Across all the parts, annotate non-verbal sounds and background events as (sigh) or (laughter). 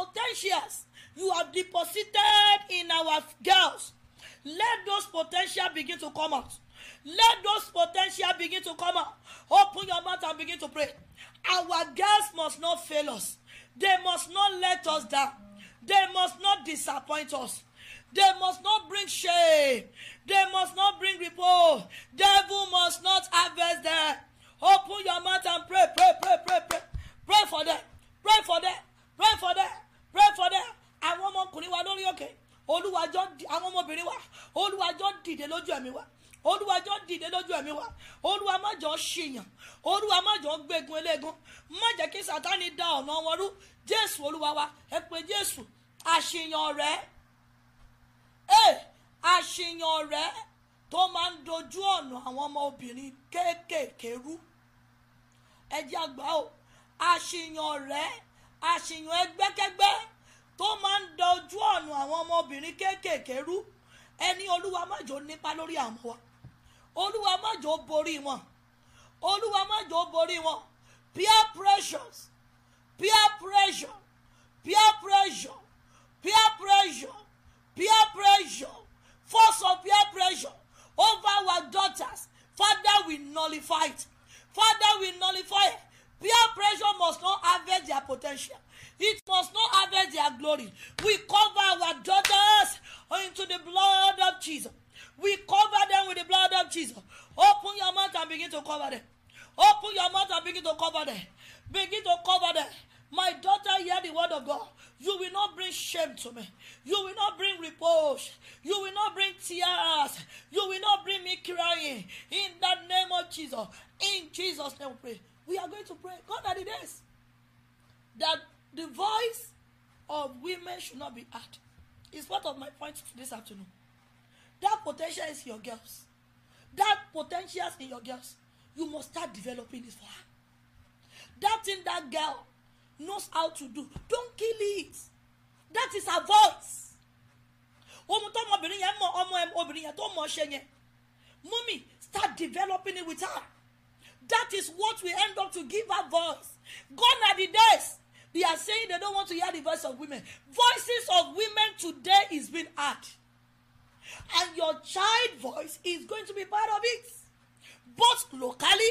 potentials you have deposited in our girls let those potential begin to come out let those potential begin to come out open your mouth and begin to pray our girls must not fail us they must not let us down they must not disappoint us they must not bring shame they must not bring repose devil must not harvest them open your mouth and pray pray pray pray pray pray for them pray for them pray for them. pray for them àwọn ọmọkùnrin wa lórí òkè olúwàjọ àwọn ọmọbìnrin wa olúwàjọ dìde lójú ẹ̀mí wa olúwàjọ dìde lójú ẹ̀mí wa olúwa ṣìyàn eléegun da ọ̀nà wọn rú jésù wa ẹ pé jésù àṣìyàn rẹ eh, àṣìyàn rẹ tó máa ń dojú ọ̀nà àwọn ọmọ obìnrin kéékèèké rú o àṣìyàn rẹ. àṣìyàn ẹgbẹ́kẹ́gbẹ́ tó máa ń da ojú ọ̀nà àwọn ọmọbìnrin kéékèèké rú ẹni olúwa májò nípa lórí àwọn wa olúwa májò borí wọn olúwa májò borí wọn peer pressures peer pressure peer pressure peer pressure peer pressure force of peer pressure over our daughters father we nullify it father we nullify it Peer pressure must not harvest their potential. It must not harvest their glory. We cover our daughters into the blood of Jesus. We cover them with the blood of Jesus. Open your mouth and begin to cover them. Open your mouth and begin to cover them. Begin to cover them. My daughter, hear the word of God. You will not bring shame to me. You will not bring reproach. You will not bring tears. You will not bring me crying. In the name of Jesus. In Jesus' name, we pray we are going to pray. God are the days that the voice of women should not be heard. is part of my point this afternoon. That potential is your girls. That potential is in your girls. You must start developing it for her. That thing that girl knows how to do, don't kill it. That is her voice. Ohun tọmọbìnrin yẹn mọ ọmọ obìnrin yẹn tó mọ ṣe yẹn. Mummy, start developing it with her. That is what we end up to give our voice. Gone are the days. They are saying they don't want to hear the voice of women. Voices of women today is being heard. And your child voice is going to be part of it, both locally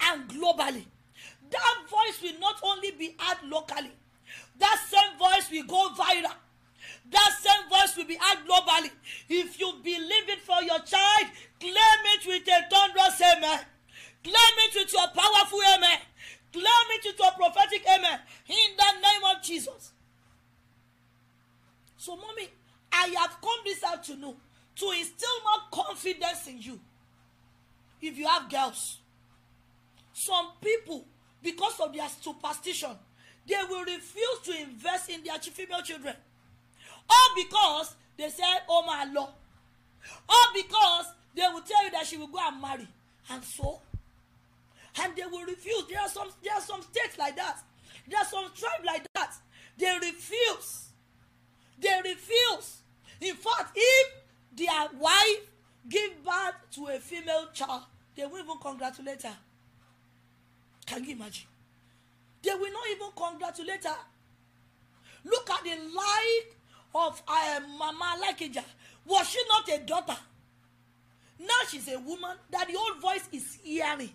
and globally. That voice will not only be heard locally, that same voice will go viral. That same voice will be heard globally. If you believe it for your child, claim it with a thunderous amen. Claim it to your powerful amen. Claim it to your prophetic amen. In the name of Jesus. So, mommy, I have come this afternoon to instill more confidence in you. If you have girls, some people, because of their superstition, they will refuse to invest in their female children. All because they say, Oh my Lord. All because they will tell you that she will go and marry. And so, and they will refuse. There are some there are some states like that. There are some tribes like that. They refuse. They refuse. In fact, if their wife give birth to a female child, they will even congratulate her. Can you imagine? They will not even congratulate her. Look at the life of uh, Mama Lakija. Was she not a daughter? Now she's a woman that the old voice is hearing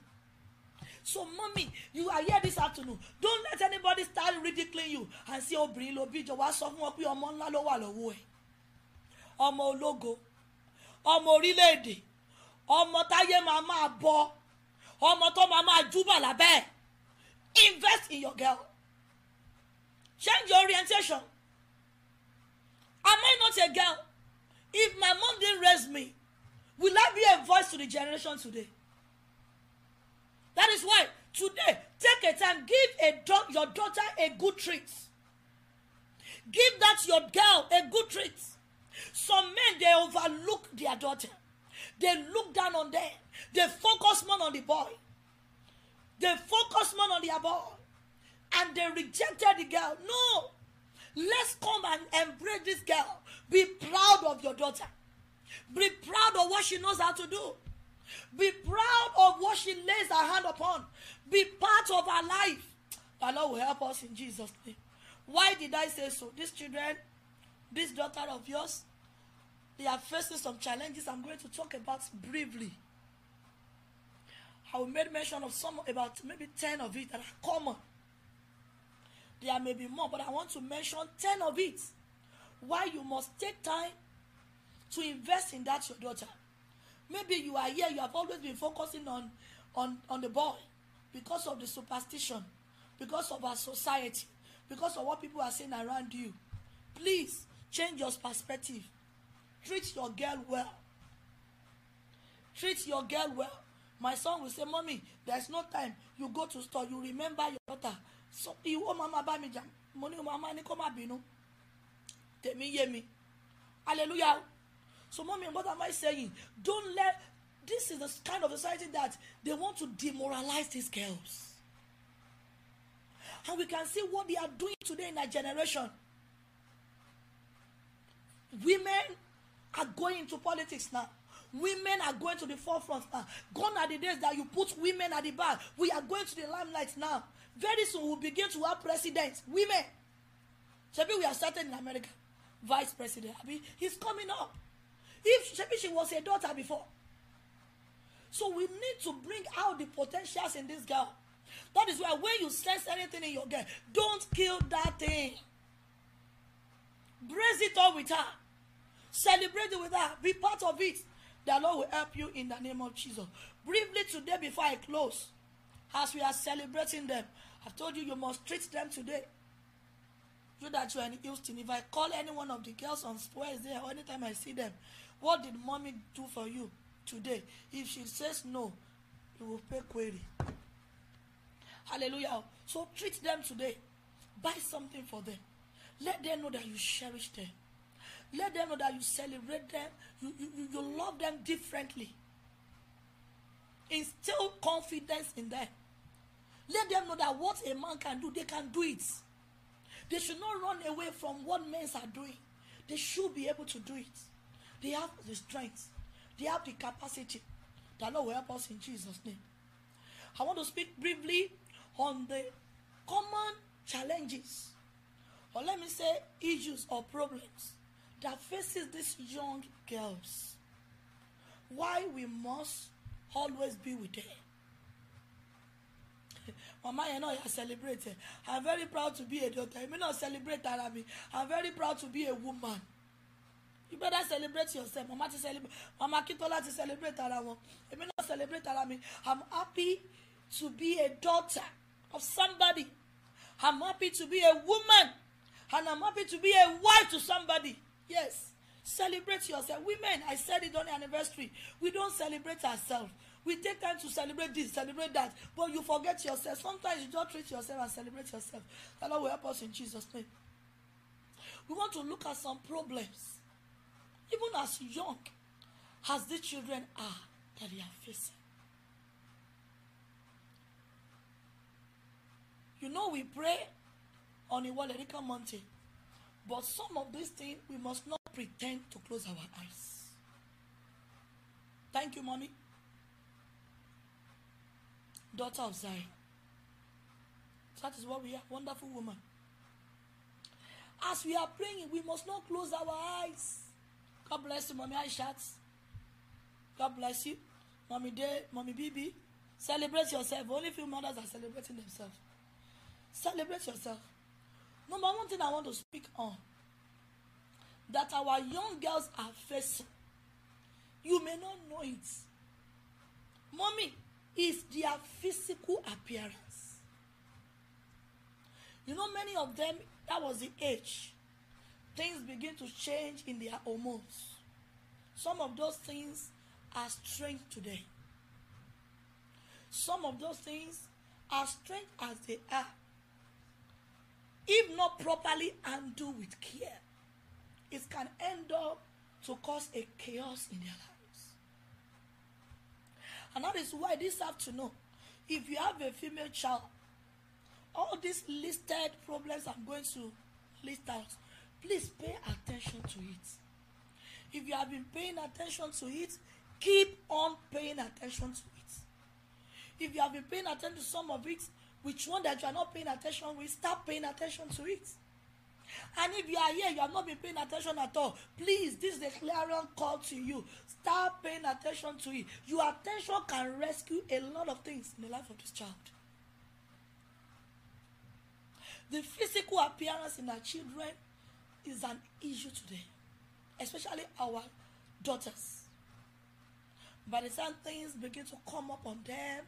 so mummy you are here this afternoon don't let anybody start ridiculing you and say obìnrin ló bí jọ̀wọ́ sọ fún wọn pé ọmọ ńlá ló wà lọ́wọ́ ẹ̀ ọmọ ológo ọmọ orílẹ̀-èdè ọmọ táyé máa máa bọ ọmọ tó máa máa júbà lábẹ́ invest in your girl change your orientation am I not a girl if my mom didn't raise me will I be a voice to the generation today That is why today, take a time, give a do- your daughter a good treat. Give that your girl a good treat. Some men, they overlook their daughter. They look down on them. They focus more on the boy. They focus more on their boy. And they rejected the girl. No. Let's come and embrace this girl. Be proud of your daughter. Be proud of what she knows how to do. Be proud of what she lays her hand upon. Be part of her life. The Lord will help us in Jesus' name. Why did I say so? These children, this daughter of yours, they are facing some challenges I'm going to talk about briefly. I will make mention of some, about maybe 10 of it that are common. There may be more, but I want to mention 10 of it. Why you must take time to invest in that your daughter maybe you are here you have always been focusing on on on the boy because of the superstition because of our society because of what people are saying around you please change your perspective treat your girl well treat your girl well my son will say mommy there's no time you go to store you remember your daughter so iwọ mama bá mi jam. Money, ní mama ní kó má bínú tèmi yé mi hallelujah. So, mommy, what am I saying? Don't let this is the kind of society that they want to demoralize these girls. And we can see what they are doing today in our generation. Women are going into politics now. Women are going to the forefront now. Gone are the days that you put women at the back. We are going to the limelight now. Very soon we'll begin to have presidents, women. Maybe we are starting in America. Vice president. I mean, he's coming up. If maybe she was a daughter before. So we need to bring out the potentials in this girl. That is why when you sense anything in your girl, don't kill that thing. Brace it up with her. Celebrate it with her. Be part of it. The Lord will help you in the name of Jesus. Briefly today, before I close, as we are celebrating them, I've told you you must treat them today. You that you are in Houston. If I call any one of the girls on is there, anytime I see them, What did mommy do for you today? If she says no, you will pay query. Hallelujah. So treat them today. Buy something for them. Let them know that you cherish them. Let them know that you celebrate them. You, you, you love them differently. Instill confidence in them. Let them know that what a man can do, they can do it. They should not run away from what men are doing. They should be able to do it. They have the strength. They have the capacity. That Lord will help us in Jesus' name. I want to speak briefly on the common challenges, or let me say issues or problems that faces these young girls. Why we must always be with them. (laughs) mama yẹn náà yà celebrate i'm very proud to be a daughter You may not celebrate ara mi i'm very proud to be a woman you better celebrate yourself mama ti celebrate mama Akintola ti celebrate ara wọn èmi náà celebrate ara mi i'm happy to be a daughter of somebody i'm happy to be a woman and i'm happy to be a wife to somebody yes celebrate yourself women i said it on the anniversary we don celebrate ourselves we take time to celebrate this celebrate that but you forget yourself sometimes you just treat yourself and celebrate yourself the lord will help us in jesus name we want to look at some problems even as young as the children are that they are facing. You know, we pray on a Walerika mountain, but some of these things we must not pretend to close our eyes. Thank you, mommy. Daughter of Zion. That is what we are. Wonderful woman. As we are praying, we must not close our eyes. God bless you, Mommy I Aishat. God bless you. Mommy Day, Mommy Bibi. Celebrate yourself. Only few mothers are celebrating themselves. Celebrate yourself. Number one thing I want to speak on that our young girls are facing. You may not know it. Mommy is their physical appearance. You know, many of them, that was the age things begin to change in their hormones. Some of those things are strange today. Some of those things are strange as they are. If not properly handled with care, it can end up to cause a chaos in their lives. And that is why this afternoon, if you have a female child, all these listed problems I'm going to list out please pay attention to it if you have been paying attention to it keep on paying attention to it if you have been paying attention to some of it which one that you are not paying attention with start paying attention to it and if you are here you have not been paying attention at all please this is a clarion call to you start paying attention to it your attention can rescue a lot of things in the life of this child the physical appearance in our children is an issue today, especially our daughters. By the time things begin to come up on them,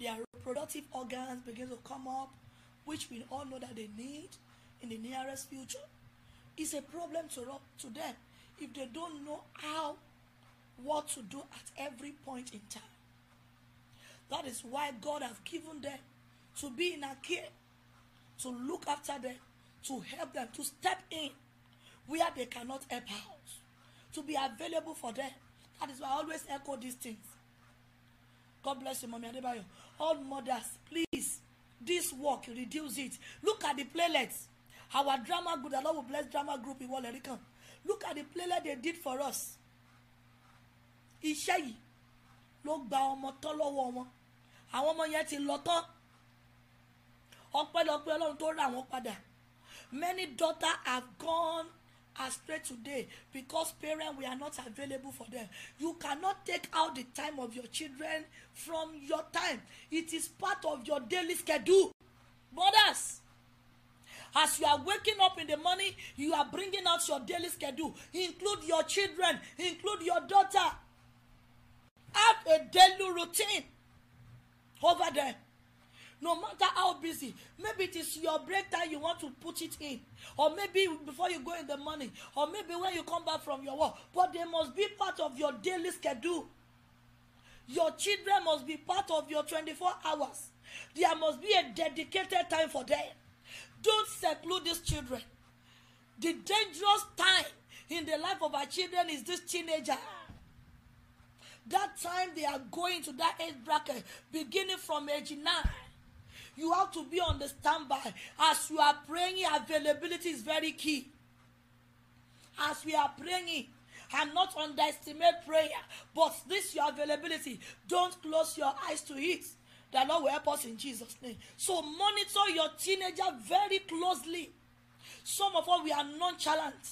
their reproductive organs begin to come up, which we all know that they need in the nearest future, is a problem to, to them if they don't know how, what to do at every point in time. That is why God has given them to be in a care, to look after them, to help them to step in where they cannot help out to be available for them that is why i always echo these things god bless you mommy. adebayo all mothers please this work reduce it look at the playlets our drama group the lord will bless drama group in walerican look at the playlet they did for us iṣẹ́ yìí ló gba ọmọ tọ́ lọ́wọ́ wọn àwọn ọmọ yẹn ti lọ tán ọpẹ́lọpẹ́ ọlọ́run tó rà wọ́n padà many daughter have gone astray today because parents we are not available for them you cannot take out the time of your children from your time it is part of your daily schedule mothers as you are waking up in the morning you are bringing out your daily schedule include your children include your daughter have a daily routine over there no matter how busy maybe it is your break time you want to put it in or maybe before you go in the morning or maybe when you come back from your work but they must be part of your daily schedule your children must be part of your 24 hours there must be a dedicated time for them don't seclude these children the dangerous time in the life of our children is this teenager that time they are going to that age bracket beginning from age nine You have to be on the standby. As you are praying, availability is very key. As we are praying, I'm not underestimate prayer, but this your availability. Don't close your eyes to it. The Lord will help us in Jesus' name. So monitor your teenager very closely. Some of us we are nonchalant.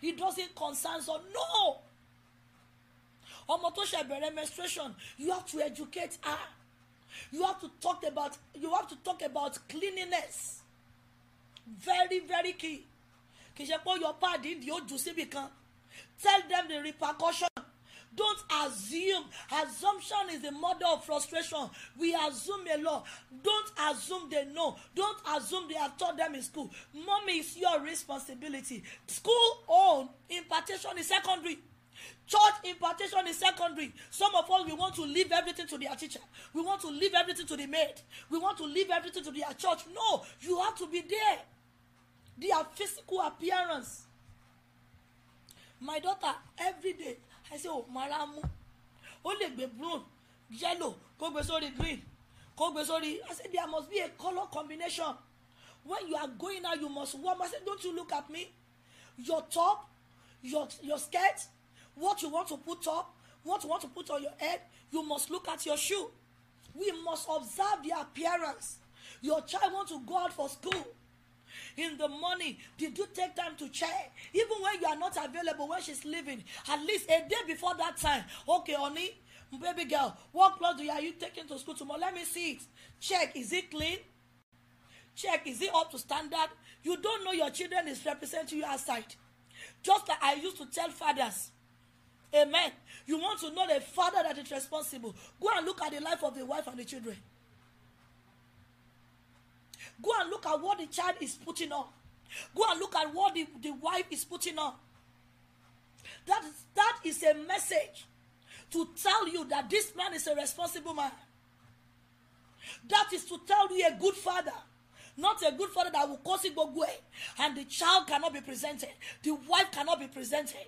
It doesn't concern us. No. ọmọ tó ṣe bẹ̀rẹ̀ menstruation you have to educate her you have to talk about you have to talk about cleanliness very very key kì í ṣe pé your pad ìdí ó jù síbi kan tell them the repercussion don't assume assumption is the mother of frustration we assume a lot don't assume they know don't assume they have taught them in school mommy is your responsibility school own impartation is secondary. Church impartation is secondary. Some of us, we want to leave everything to their teacher. We want to leave everything to the maid. We want to leave everything to their church. No, you have to be there. Their physical appearance. My daughter, every day, I say, oh, Maramu, ó lè gbé blue, yellow, kó gbé sórí green, kó gbé sórí. I say, there must be a color combination. When you are going out, you must warm. I say, don't you look at me. Your top, your, your skirt, What you want to put up, what you want to put on your head, you must look at your shoe. We must observe the appearance. Your child wants to go out for school in the morning did you take time to check even when you are not available when she's leaving at least a day before that time okay honey baby girl what clothes are you taking to school tomorrow let me see it check is it clean check is it up to standard you don't know your children is representing you outside just like i used to tell fathers Amen. You want to know the father that is responsible. Go and look at the life of the wife and the children. Go and look at what the child is putting on. Go and look at what the, the wife is putting on. That is, that is a message to tell you that this man is a responsible man. That is to tell you a good father not a good father that will cause it go away and the child cannot be presented the wife cannot be presented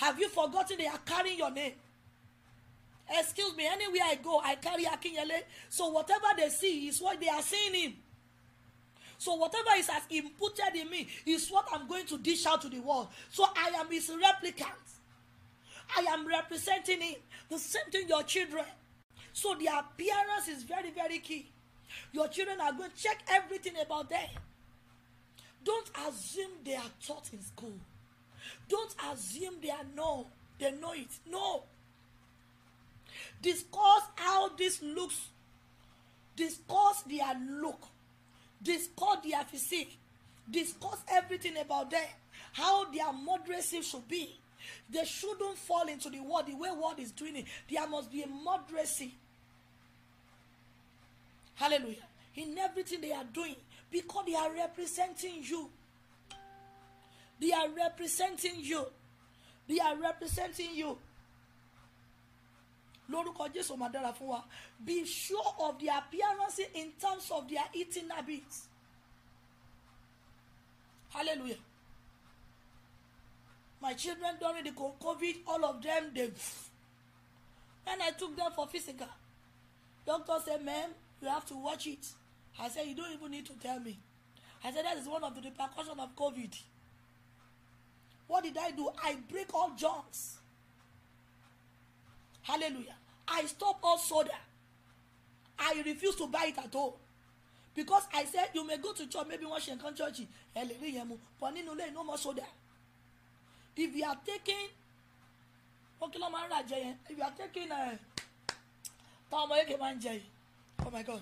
have you forgotten they are carrying your name excuse me anywhere i go i carry akinyele so whatever they see is what they are seeing him so whatever is as imputed in me is what i'm going to dish out to the world so i am his replicant i am representing him the same thing your children so the appearance is very very key your children are going to check everything about them don't assume they are taught in school Don't assume they are know. They know it. No. Discuss how this looks. Discuss their look. Discuss their physique. Discuss everything about them. How their moderacy should be. They shouldn't fall into the world the way world is doing it. There must be a moderacy. Hallelujah. In everything they are doing, because they are representing you. They are representing you. They are representing you. Lórúkọ Jésù máa dára fún wa. Be sure of their appearance in terms of their eating habits. Hallelujah. My children during the COVID, all of them, they. When I took them for physical, doctor said, ma'am, you have to watch it. I said, you don't even need to tell me. I said, that is one of the repercussions of COVID. What did I do? I break all junks. Hallelujah. I stop all soda. I refuse to buy it at all. Because I said you may go to church, maybe one Shenkan church, but no more soda. If you are taking wọ́n kí ló máa ń rà jẹ yẹn ibi àtẹ́kì náà táwọn ọmọ yéèké máa ń jẹ yìí oh my god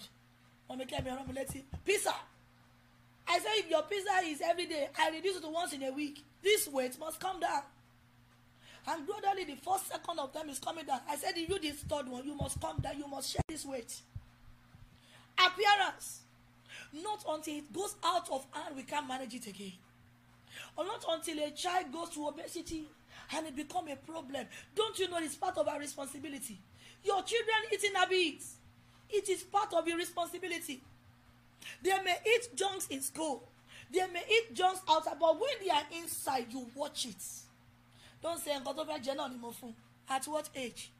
wọ́n mi kẹ́mi pizza I say if your pizza is every day, I reduce it to once in a week. This weight must come down. And gradually, the first second of them is coming down. I said, you this third one, you must come down. You must share this weight. Appearance. Not until it goes out of hand, we can't manage it again. Or not until a child goes to obesity and it become a problem. Don't you know it's part of our responsibility? Your children eating habits. It is part of your responsibility. They may eat junks in school. They may eat junks outside, but when they are inside, you watch it. Don't say nǹkan tó fẹ́ jẹ náà ni mo fún. At what age?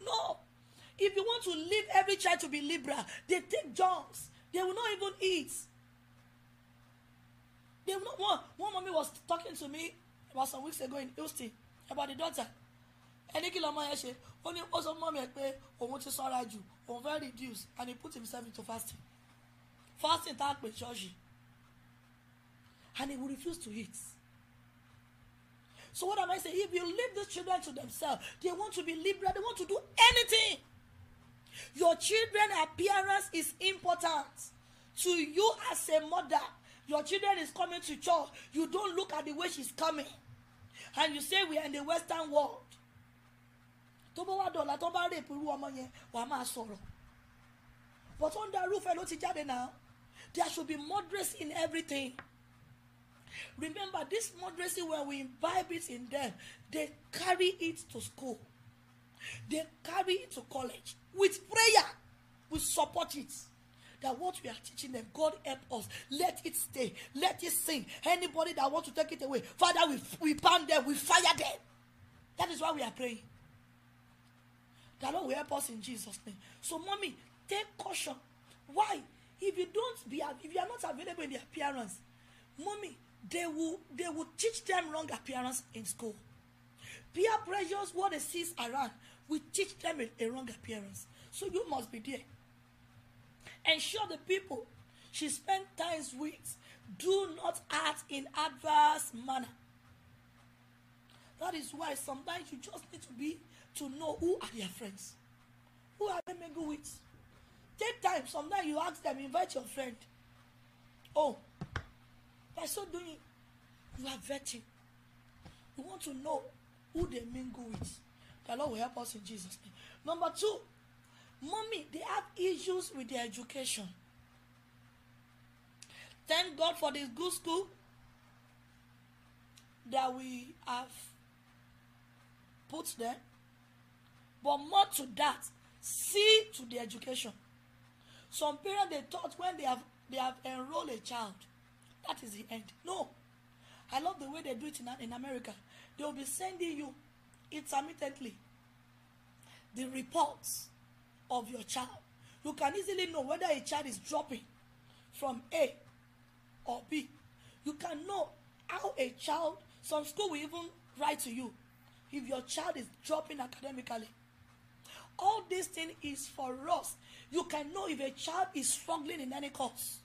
No. If you want to leave every child to be liberal, they take junks. They will not even eat. They will not one. One mommy was talking to me about some weeks ago in Houston about the daughter. ẹni kí lọmọ yẹn ṣe ó ní ó sọ mọ́mí ẹ pé òun ti sọ́ra jù òun fẹ́ reduce and he put himself into fasting fasting tá a pè ṣọ́ọ̀ṣì and he will refuse to eat. So what am I saying? If you leave these children to themselves, they want to be liberal, they want to do anything. Your children appearance is important to you as a mother. Your children is coming to church. You don't look at the way she's coming. And you say we are in the western world. tó bá wá dọ̀là tó bá rèpù irú ọmọ yẹn wàá máa sọ̀rọ̀ but under roof ẹ ló ti jáde náà There should be moderacy in everything. Remember, this moderacy, when we imbibe it in them, they carry it to school, they carry it to college with prayer. We support it. That what we are teaching them, God help us. Let it stay. Let it sing. Anybody that want to take it away, Father, we, we pound them, we fire them. That is why we are praying. That Lord will help us in Jesus' name. So, mommy, take caution. Why? if you don't be if you are not available in the appearance mommy they will they will teach them wrong appearance in school peer pressures what they see around will teach them a, a wrong appearance so you must be there ensure the people she spend time with do not act in adverse manner that is why sometimes you just need to be to know who are your friends who are they mingle with take time sometimes you ask them invite your friend oh by so doing you are vetting you want to know who they mingle with the lord will help us in jesus name number two mommy they have issues with their education thank god for this good school that we have put there but more to that see to the education Some parents they thought when they have they have enroll a child, that is the end. No. I love the way they do it in, in America. They will be sending you intermittently the reports of your child. You can easily know whether a child is dropping from A or B. You can know how a child, some school will even write to you if your child is dropping academically all this thing is for us. You can know if a child is struggling in any cause.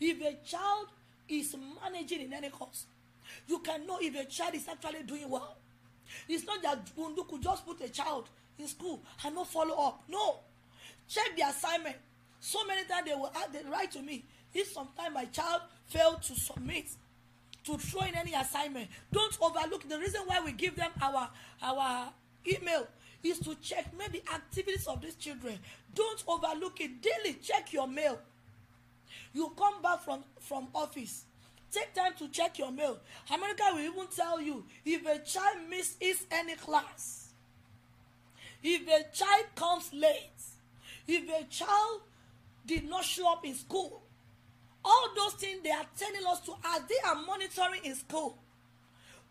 If a child is managing in any cause, you can know if a child is actually doing well. It's not that Bundu could just put a child in school and not follow up. No. Check the assignment. So many times they will add they write to me. If sometimes my child failed to submit to throw in any assignment, don't overlook the reason why we give them our our email is to check maybe activities of these children don't overlook it daily check your mail you come back from from office take time to check your mail america will even tell you if a child misses any class if a child comes late if a child did not show up in school all those things they are telling us to as they are monitoring in school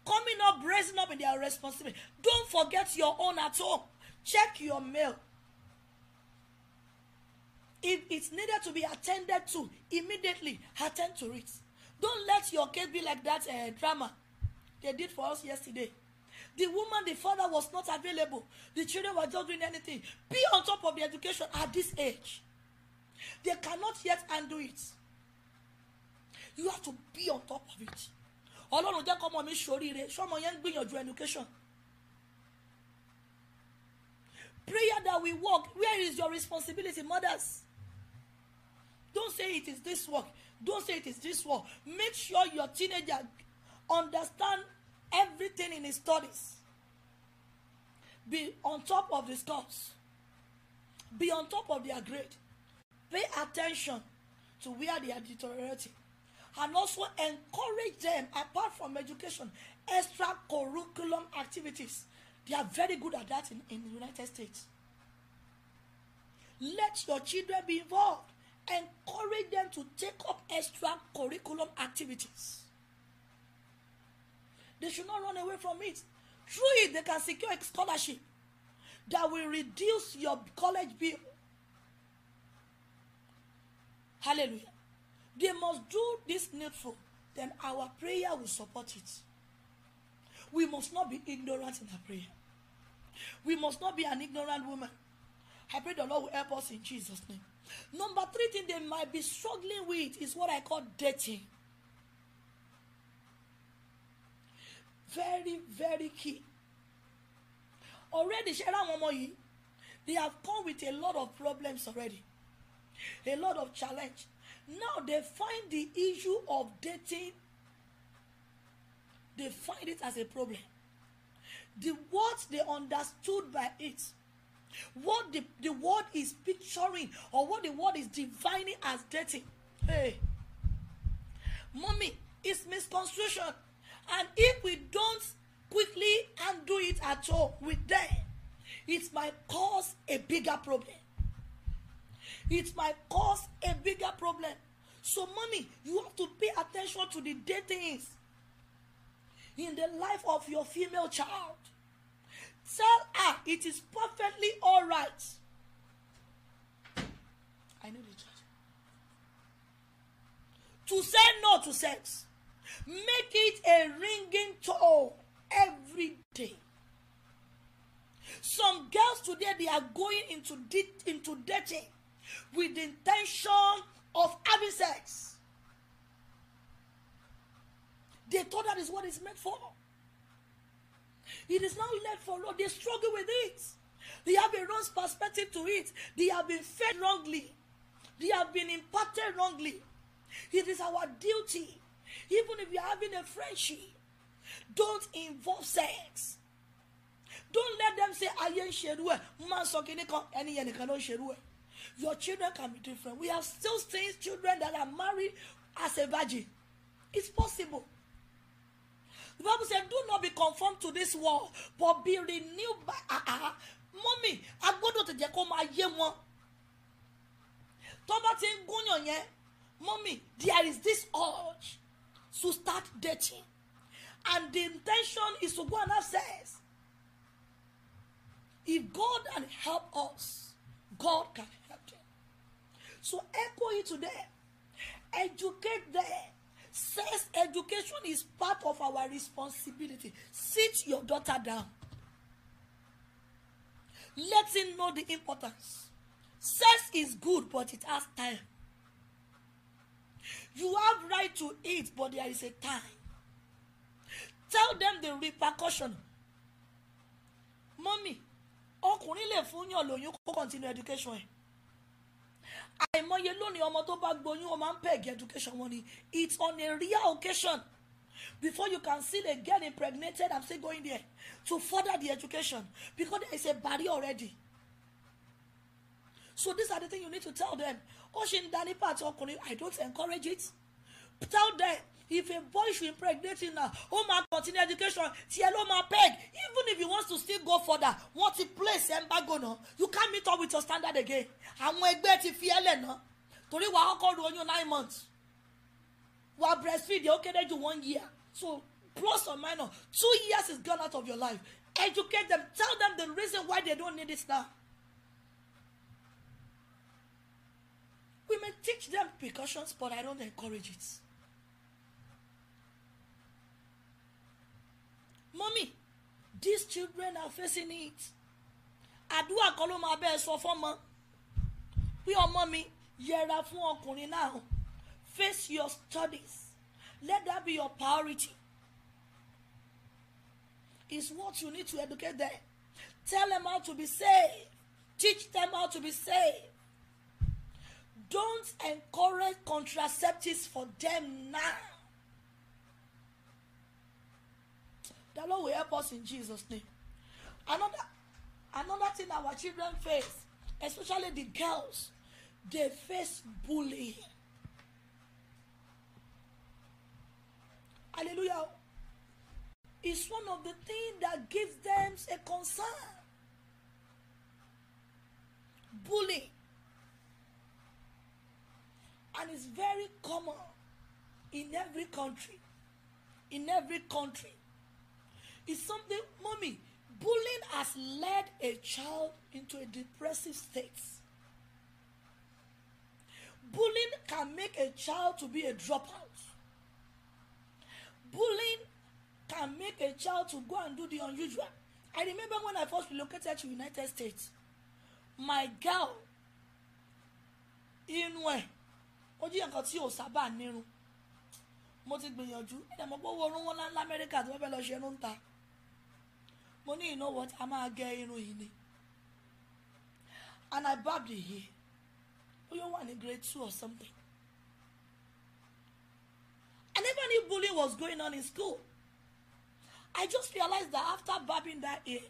coming up, raising up in their responsibility. Don't forget your own at all. Check your mail. If it's needed to be attended to, immediately attend to it. Don't let your case be like that uh, drama they did for us yesterday. The woman, the father was not available. The children were not doing anything. Be on top of the education at this age. They cannot yet undo it. You have to be on top of it ọlọ́run jẹ́ kọ́mọ mi ṣoríire sọmọ yẹn ń gbìyànjú education prayer that we work where is your responsibility mothers don't say it is this work don't say it is this work make sure your teenager understand everything in his studies be on top of the scores be on top of their grade pay attention to where they are deteriorating and also encourage them apart from education extra curriculum activities they are very good at that in, in the united states let your children be involved encourage them to take up extra curriculum activities they should not run away from it through it they can secure a scholarship that will reduce your college bill hallelujah They must do this needful, then our prayer will support it. We must not be ignorant in our prayer. We must not be an ignorant woman. I pray the Lord will help us in Jesus' name. Number three thing they might be struggling with is what I call dating. Very, very key. Already, Shara Momoyi, they have come with a lot of problems already, a lot of challenge. Now they find the issue of dating, they find it as a problem. The words they understood by it, what the, the word is picturing or what the word is divining as dating. Hey, mommy, it's misconstruction. And if we don't quickly undo it at all with them, it might cause a bigger problem it might cause a bigger problem. So, mommy, you have to pay attention to the datings in the life of your female child. Tell her it is perfectly all right. I know the judge. To say no to sex, make it a ringing toll every day. Some girls today they are going into de- into dating with the intention of having sex. They thought that is what it's meant for. It is not meant for Lord. They struggle with it. They have a wrong perspective to it. They have been fed wrongly. They have been impacted wrongly. It is our duty, even if you're having a friendship, don't involve sex. Don't let them say, I ain't share well. Man, so can they come? Any, any, can share well your children can be different we have still seen children that are married as a virgin it's possible the bible say do not be conformed to this world but be renewed by ah ah, ah. mọ́mì a gbọ́dọ̀ tẹ̀jẹ̀ kó máa yé wọn tọ́ba ti ń gúnyàn yẹn mọ́mì there is this urge to start dating and the intention is to go and have sex if God can help us God can help So echo it to them. Educate them. Says education is part of our responsibility. Sit your daughter down. Let him know the importance. Sex is good, but it has time. You have right to eat, but there is a time. Tell them the repercussion. Mommy, ọkùnrin lè fún yàn lóyún kó continue education ẹ̀ àìmọye lónìí ọmọ tó bá gboyún ó máa ń peg education wọn ni it's on a real occasion before you can see the girl impregnated i'm still going there to further the education because there is a barrier already so these are the things you need to tell them ó ṣe ń dání pàtó ọkùnrin i don't encourage it tell them if a boy should impregnate him now ó máa continue education tiẹ̀ ló máa peg even if he wants to still go further wọ́n ti place embargo náà you can't meet up with your standard again àwọn ẹgbẹ́ ti fi ẹlẹ̀ náà torí wàá kọ́kọ́ ru oyún nine months wàá breastfeed yẹ ó kéré one year so plus or minus two years is gone out of your life educate them tell them the reason why they don't need it now We may teach them precautions but i don't encourage it. mọ́mì these children are facing it àdúrà kan ló máa bẹ́ẹ̀ sọ fọ́mọ pé ọmọ mi yẹra fún ọkùnrin náà face your studies let that be your priority is what you need to educate them tell them how to be safe teach them how to be safe don't encourage contraceptives for them now The Lord will help us in Jesus' name. Another another thing our children face, especially the girls, they face bullying. Hallelujah. It's one of the things that gives them a concern. Bullying. And it's very common in every country. In every country is something mommy bullying has led a child into a depressive state bullying can make a child to be a dropout bullying can make a child to go and do the unusual i remember when i first relocated to united states my girl inú ẹ ó jẹ́ nǹkan tí ò sábà nírun mo ti gbìyànjú ẹ̀dẹ̀ mo gbọ́ owó orun wọn lamẹ́ríkà tí wọ́n fẹ́ lọ ṣe irun ta mo ní you know what a máa gẹ irun yìí ni and I barbed it here bóyá ó wà ní grade two or something I never knew bullying was going on in school I just realized that after barbing that hair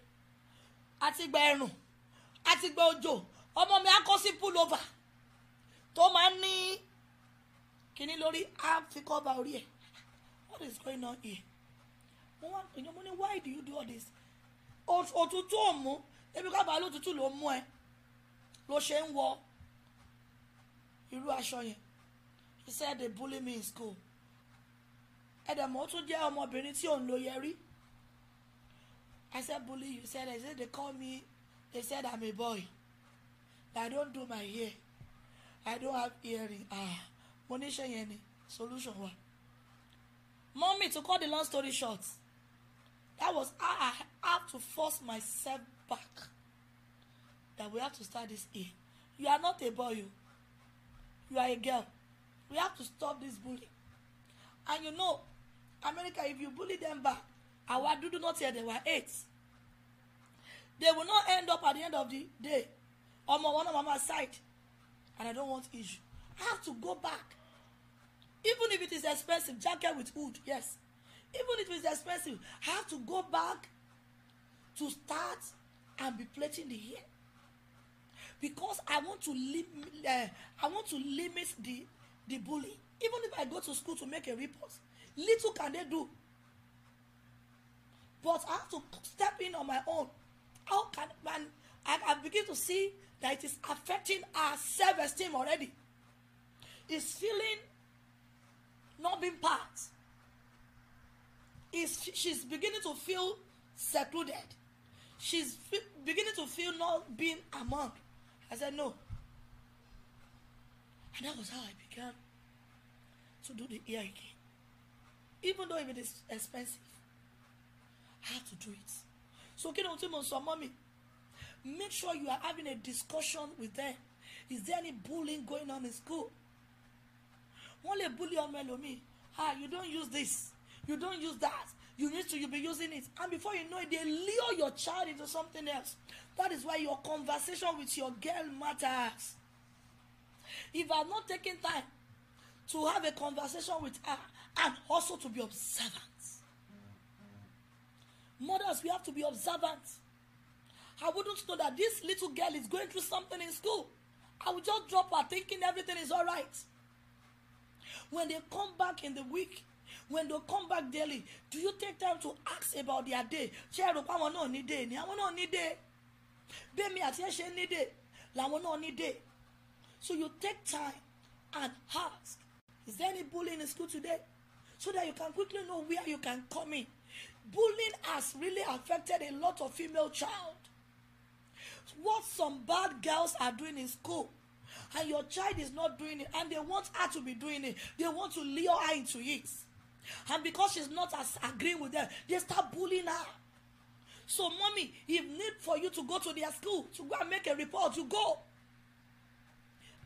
àti gba ẹrùn àti gba òjò ọmọ mi á kọ́ sí pullover tó máa ń ní kíní lórí á fi cover orí ẹ̀ what is going on here mo wá ìyẹn mo ní why do you do all this òtútù ò mú ebi kábàá lótútù ló mú ẹ ló ṣe ń wọ irú aṣọ yẹn he said they bully me in school ẹ̀dẹ̀mọ́ tún jẹ́ ọmọbìnrin tí òun ló yẹrí I said bully you said I said they call me they said I'm a boy I don't do my hair I don't have earring ah mo ní ṣe yẹn ni solution wa. Mommy, to cut the long story short that was how I have to force myself back that we have to start this here you are not a boy you you are a girl we have to stop this bullying and you know America if you bully them back our do not hear they were eight they will not end up at the end of the day on my one of my side and I don't want issue I have to go back even if it is expensive jacket with wood, yes even if it's expensive i have to go back to start and be plating the hair because i want to limit uh, eh, i want to limit the the bullying even if i go to school to make a report little can they do but i have to step in on my own how can and i can begin to see that it is affecting our self-esteem already Is feeling not being part is she's beginning to feel secluded she's beginning to feel not being among i said no and that was how i began to do the ear again even though if it is expensive i have to do it so kí ni ohun tí make sure you are having a discussion with them is there any bullying going on in school wọ́n lè bully ọmọ ẹlòmíì ah you don't use this you don't use that you need to you be using it and before you know it they lure your child into something else that is why your conversation with your girl matters if i'm not taking time to have a conversation with her and also to be observant mothers we have to be observant i wouldn't know that this little girl is going through something in school i would just drop her thinking everything is all right when they come back in the week when they come back daily do you take time to ask about their day ṣé ẹ rò pé àwọn náà ní day ni àwọn náà ní day bẹ́ẹ̀mi àti ẹ ṣe ní day làwọn náà ní day so you take time and ask is there any bullying in school today so that you can quickly know where you can come in bullying has really affected a lot of female child what some bad girls are doing in school and your child is not doing it and they want her to be doing it they want to lure her into it And because she's not as agreeing with them, they start bullying her. So, mommy, if need for you to go to their school to go and make a report, you go.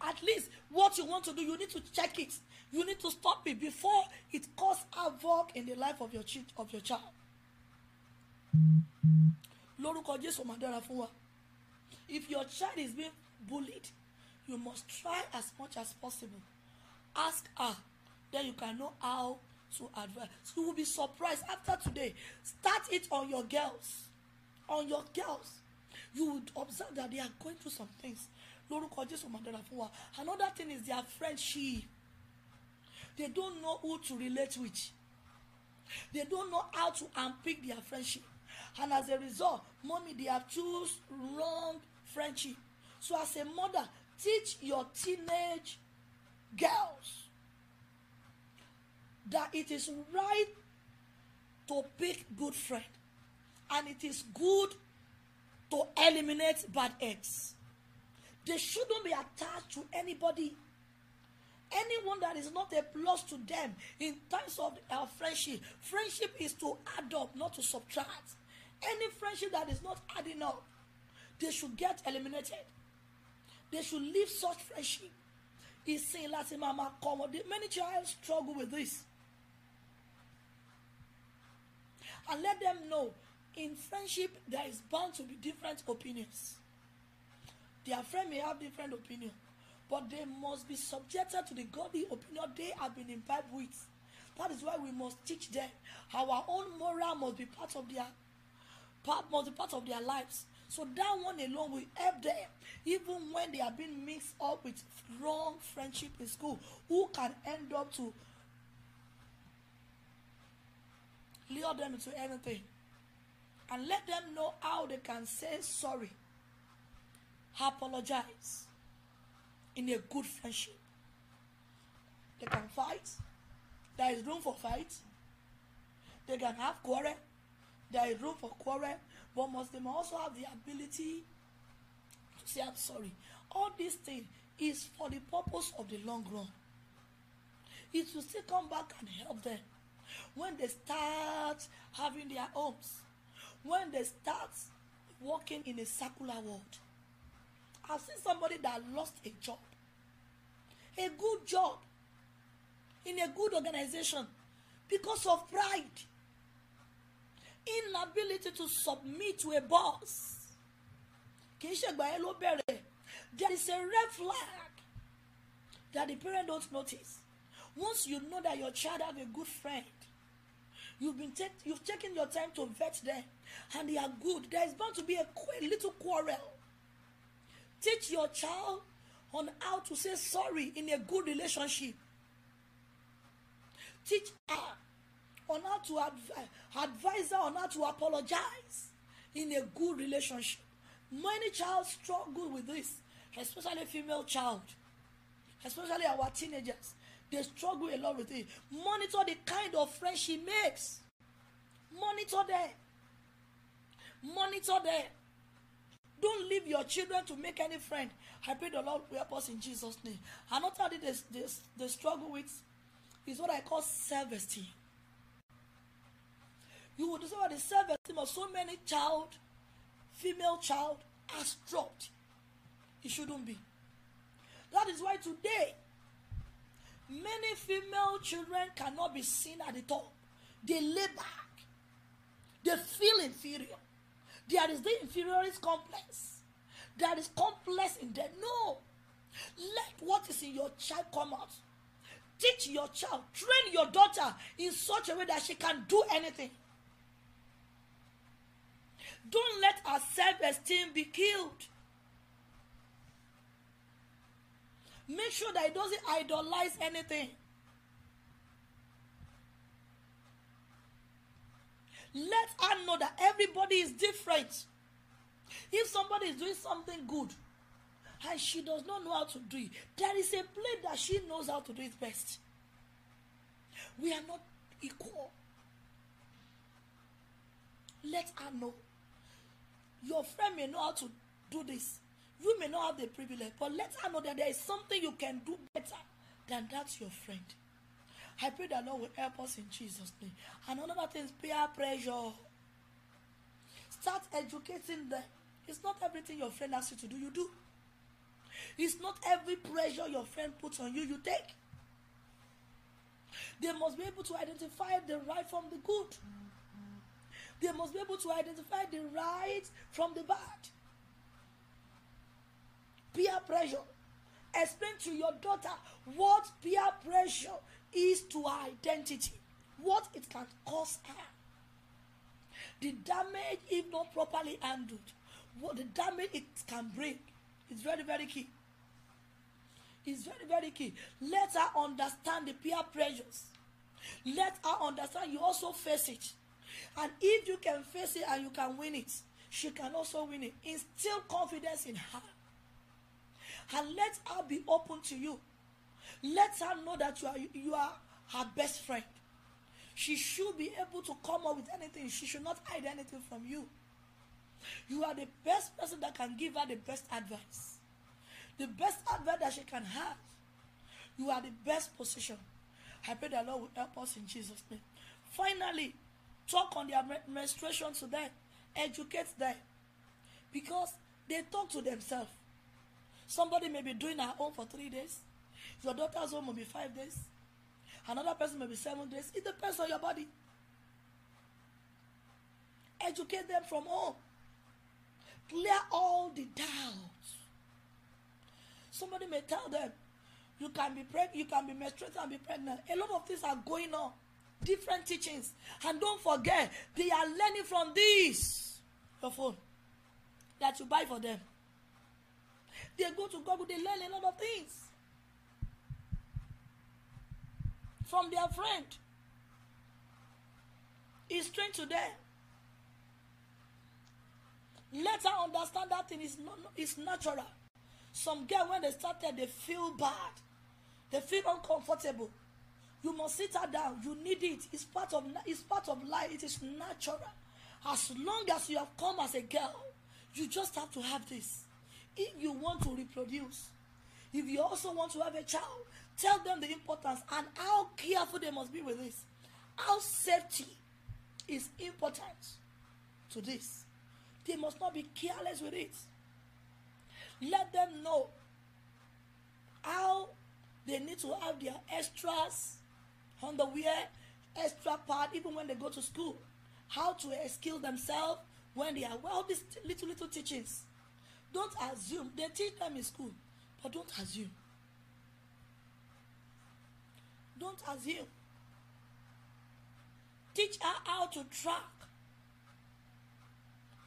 At least what you want to do, you need to check it. You need to stop it before it cause havoc in the life of your ch- of your child. Lórúkọ Jésù máa dára fún wa. If your child is being bullied, you must try as much as possible. Ask her, then you can know how to advise. So you will be surprised after today. Start it on your girls. On your girls. You would observe that they are going through some things. Another thing is their friendship. They don't know who to relate with. They don't know how to unpick their friendship. And as a result, mommy, they have choose wrong friendship. So as a mother, teach your teenage girls that it is right to pick good friend and it is good to eliminate bad eggs they shouldn't be attached to anybody anyone that is not a plus to them in terms of our friendship friendship is to add up not to subtract any friendship that is not adding up they should get eliminated they should leave such friendship ìsìn láti máa mama come. wọn many child struggle with this and let them know in friendship there is bound to be different opinions their friend may have different opinion but they must be subjected to the godly opinion they have been imbibed with that is why we must teach them our own moral must be part of their part must be part of their lives so that one alone will help them even when they are being mixed up with wrong friendship in school who can end up to lure them into anything and let them know how they can say sorry, apologize in a good friendship. They can fight, there is room for fight, they can have quarrel, there is room for quarrel, but must they also have the ability to say, I'm sorry. All these things is for the purpose of the long run. It will still come back and help them when they start having their homes, when they start working in a circular world. I've seen somebody that lost a job, a good job, in a good organization because of pride, inability to submit to a boss. kì í ṣègbà yẹn ló bẹ̀rẹ̀ there is a red flag that the parent don't notice once you know that your child have a good friend You've been take, you've taken your time to vet them, and they are good. There is bound to be a, a little quarrel. Teach your child on how to say sorry in a good relationship. Teach her on how to adv- advise her on how to apologize in a good relationship. Many child struggle with this, especially female child, especially our teenagers they struggle a lot with it. Monitor the kind of friend she makes. Monitor them. Monitor them. Don't leave your children to make any friend. I pray the Lord will help us in Jesus' name. Another thing they, they, they struggle with is what I call self-esteem. You will discover the self-esteem of so many child, female child, has dropped. It shouldn't be. That is why today Many female children cannot be seen at the top. They lay back. They feel inferior. There is the inferiority complex. There is complex in them. No. Let what is in your child come out. Teach your child, train your daughter in such a way that she can do anything. Don't let her self esteem be killed. make sure that it doesn't idolize anything. Let her know that everybody is different. If somebody is doing something good and she does not know how to do it, there is a place that she knows how to do it best. We are not equal. Let her know. Your friend may know how to do this, You may not have the privilege, but let her know that there is something you can do better than that your friend. I pray that Lord will help us in Jesus' name. And another thing is peer pressure. Start educating them. It's not everything your friend asks you to do, you do. It's not every pressure your friend puts on you, you take. They must be able to identify the right from the good. They must be able to identify the right from the bad peer pressure. Explain to your daughter what peer pressure is to her identity, what it can cause her. The damage, if not properly handled, what the damage it can bring is very, very key. Is very, very key. Let her understand the peer pressures. Let her understand you also face it. And if you can face it and you can win it, she can also win it. Instill confidence in her and let her be open to you. Let her know that you are you are her best friend. She should be able to come up with anything. She should not hide anything from you. You are the best person that can give her the best advice. The best advice that she can have. You are the best position. I pray the Lord will help us in Jesus' name. Finally, talk on their menstruation to them. Educate them. Because they talk to themselves. Somebody may be doing her own for three days. Your daughter's home will be five days. Another person may be seven days. It depends on your body. Educate them from home. Clear all the doubts. Somebody may tell them, you can be pregnant. you can be menstruating and be pregnant. A lot of things are going on. Different teachings. And don't forget, they are learning from this. Your phone that you buy for them. They go to Google, they learn a lot of things from their friend. It's strange to them. Let her understand that thing is not it's natural. Some girl when they started, they feel bad, they feel uncomfortable. You must sit her down. You need it. It's part of it's part of life. It is natural. As long as you have come as a girl, you just have to have this if you want to reproduce if you also want to have a child tell them the importance and how careful they must be with this how safety is important to this they must not be careless with it let them know how they need to have their extras underwear extra part even when they go to school how to skill themselves when they are well these little little teachings don't assume they teach them in school but don't assume don't assume teach her how to track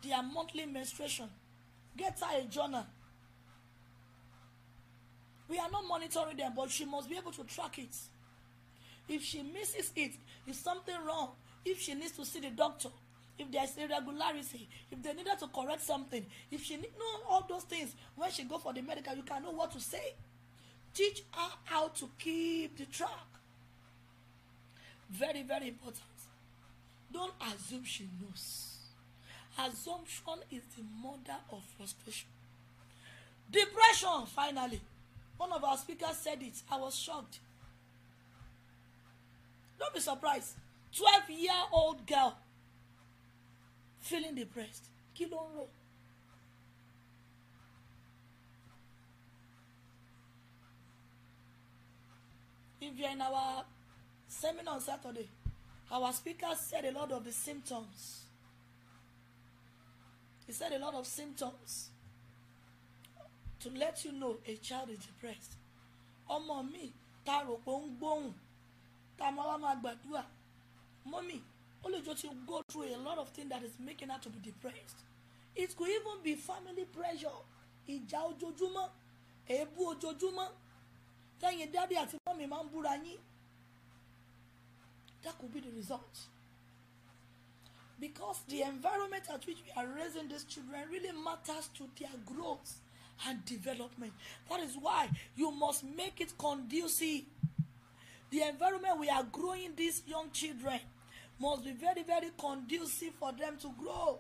their monthly menstruation get her a journal we are not monitoring them but she must be able to track it if she misses it is something wrong if she needs to see the doctor if there is irregularity if they needed to correct something if she need know all those things when she go for the medical you can know what to say teach her how to keep the track very very important don't assume she knows assumption is the mother of frustration depression finally one of our speakers said it i was shocked don't be surprised twelve year old girl feeling depressed kí ló ń rò. If you are in our seminar on Saturday, our speaker said a lot of the symptoms. He said a lot of symptoms to let you know a child is depressed. ọmọ mi ta rò pé ó ń gbóhùn ta máa wá máa gbàdúrà mọ́mì Only just you go through a lot of things that is making her to be depressed. It could even be family pressure. Ìjà ojoojúmọ́, èébú ojoojúmọ́, tẹ́yìn dádì àti mọ́mì máa ń búra yín. That could be the result. Because the environment at which we are raising these children really matters to their growth and development. That is why you must make it conducive. The environment we are growing these young children must be very, very conducive for them to grow.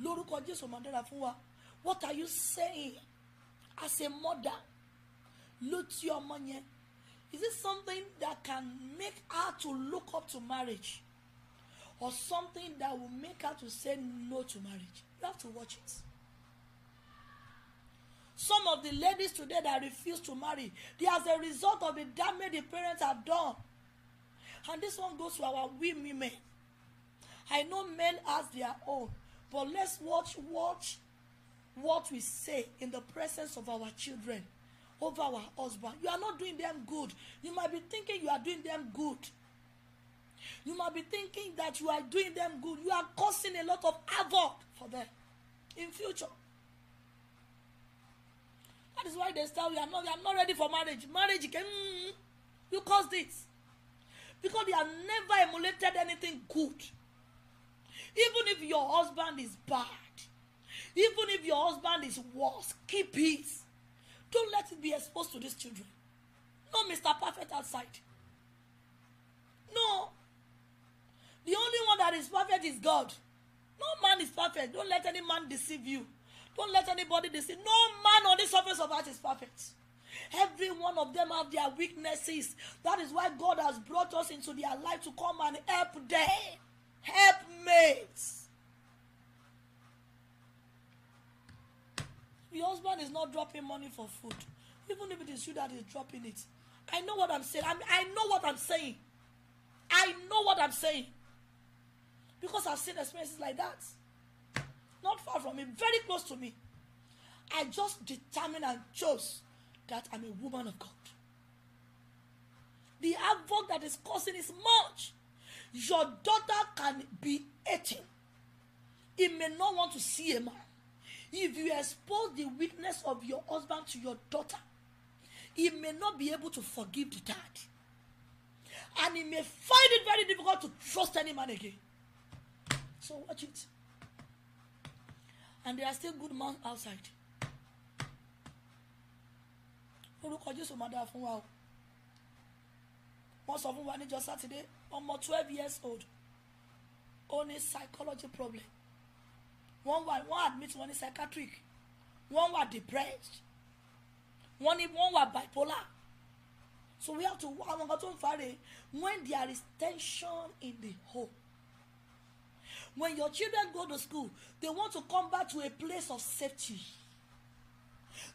Lórúkọ Jésù máa dára fún wa. What are you saying as a mother? Ló ti ọmọ yẹn. Is it something that can make her to look up to marriage? Or something that will make her to say no to marriage? You have to watch it. Some of the ladies today that refuse to marry, they as a result of the damage the parents have done. And this one goes to our women. I know men as their own, but let's watch, watch what we say in the presence of our children over our husband. You are not doing them good. You might be thinking you are doing them good. You might be thinking that you are doing them good. You are causing a lot of havoc for them in future. That is why they tell you, are not, you are not ready for marriage. Marriage, can, mm, you cause this because they have never emulated anything good. Even if your husband is bad, even if your husband is worse, keep peace. Don't let it be exposed to these children. No Mr. Perfect outside. No. The only one that is perfect is God. No man is perfect. Don't let any man deceive you. Don't let anybody deceive. No man on the surface of earth is perfect. Every one of them have their weaknesses. That is why God has brought us into their life to come and help them. Help Helpmates. Your husband is not dropping money for food. Even if it is you that is dropping it. I know what I'm saying. I, I know what I'm saying. I know what I'm saying. Because I've seen experiences like that. Not far from me, very close to me. I just determined and chose that I'm a woman of God. The havoc that is causing is much. Your daughter can be 18. He may not want to see a man. If you expose the weakness of your husband to your daughter, he may not be able to forgive the dad. And he may find it very difficult to trust any man again. So watch it. And there are still good men outside lórúkọ jésù máa dáa fún wa o wọ́n sọ fún wa níjọ sátidé ọmọ twelve years old ó ní psychology problem wọ́n wà wọ́n admit wọ́n ní psychiatric wọ́n wà depressed wọ́n ní wọ́n wà bipolar so we have to àwọn nǹkan tó ń fa rèé when there is tension in the home when your children go to school they want to come back to a place of safety.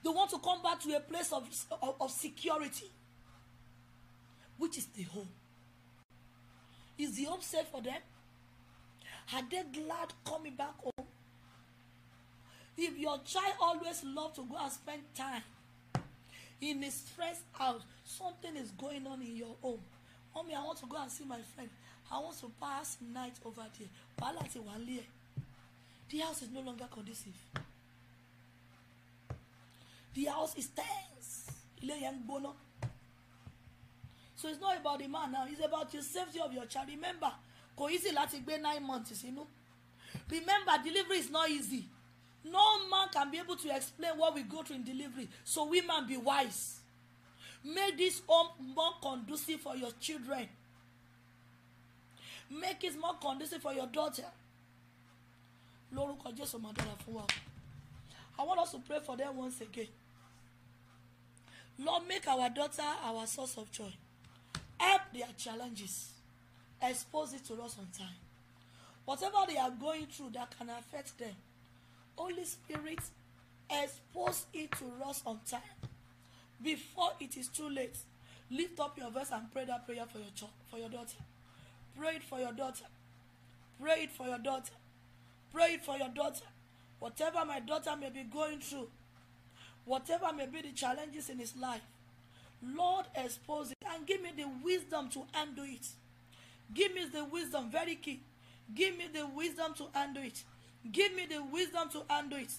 They want to come back to a place of, of, of security, which is the home. Is the home safe for them? Are they glad coming back home? If your child always loves to go and spend time in a stressed house, something is going on in your home. Mommy, I want to go and see my friend. I want to pass night over there. Wàhálà ti The house is no longer conducive the house is tense ilé yẹn ń gbóná so it's not about the man now it's about the safety of your child remember kò easy láti gbé nine months sínú remember delivery is not easy no man can be able to explain what we go through in delivery so women be wise make this home more conducive for your children make it more conducive for your daughter lórúkọ jésù máa dára fún wa i want us to pray for them once again. Lord, make our daughter our source of joy. Help their challenges. Expose it to us on time. Whatever they are going through that can affect them, Holy Spirit, expose it to us on time. Before it is too late, lift up your voice and pray that prayer for your child, for your daughter. Pray it for your daughter. Pray it for your daughter. Pray it for your daughter. Whatever my daughter may be going through, Whatever may be the challenges in his life, Lord, expose it and give me the wisdom to undo it. Give me the wisdom, very key. Give me the wisdom to undo it. Give me the wisdom to undo it.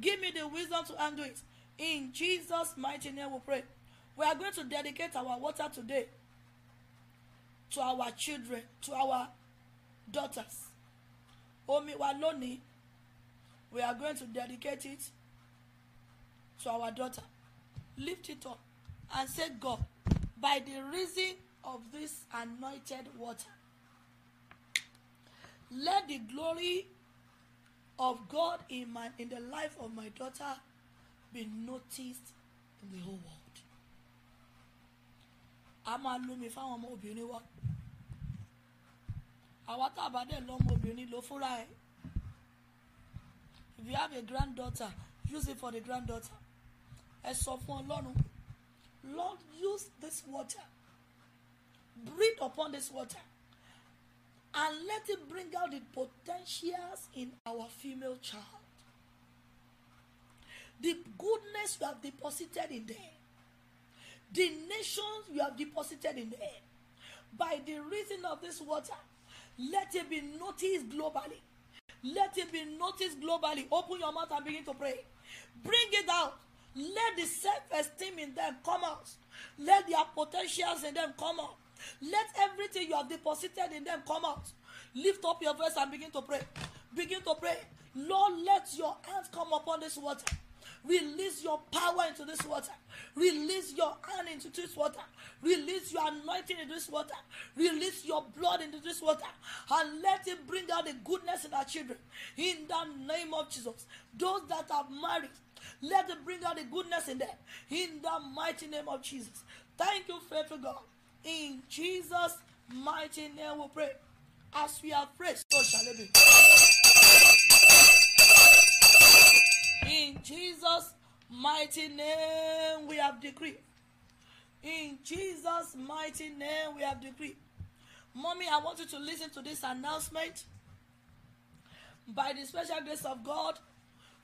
Give me the wisdom to undo it. In Jesus' mighty name, we pray. We are going to dedicate our water today to our children, to our daughters. Omi wa we are going to dedicate it to our daughter. Lift it up and say, God, by the reason of this anointed water, let the glory of God in my in the life of my daughter be noticed in the whole world. a máa lo mi fáwọn ọmọ obìnrin wa àwa tá a bá dẹ̀ lọ ọmọ obìnrin lò fúnra ẹ̀ if you have a granddaughter use it for the granddaughter ẹ sọ fún ọlọ́run Lord use this water breathe upon this water and let it bring out the potentials in our female child the goodness you have deposited in there the nations you have deposited in there by the reason of this water let it be noticed globally let it be noticed globally open your mouth and begin to pray bring it out Let the self-esteem in them come out. Let their potentials in them come out. Let everything you have deposited in them come out. Lift up your voice and begin to pray. Begin to pray. Lord, let your hand come upon this water. Release your power into this water. Release your hand into this water. Release your anointing into this water. Release your blood into this water. And let it bring out the goodness in our children. In the name of Jesus. Those that are married, Let them bring out the goodness in them. In the mighty name of Jesus. Thank you, faithful God. In Jesus' mighty name we pray. As we have prayed, so shall it be. In Jesus' mighty name we have decreed. In Jesus' mighty name we have decreed. Mommy, I want you to listen to this announcement. By the special grace of God,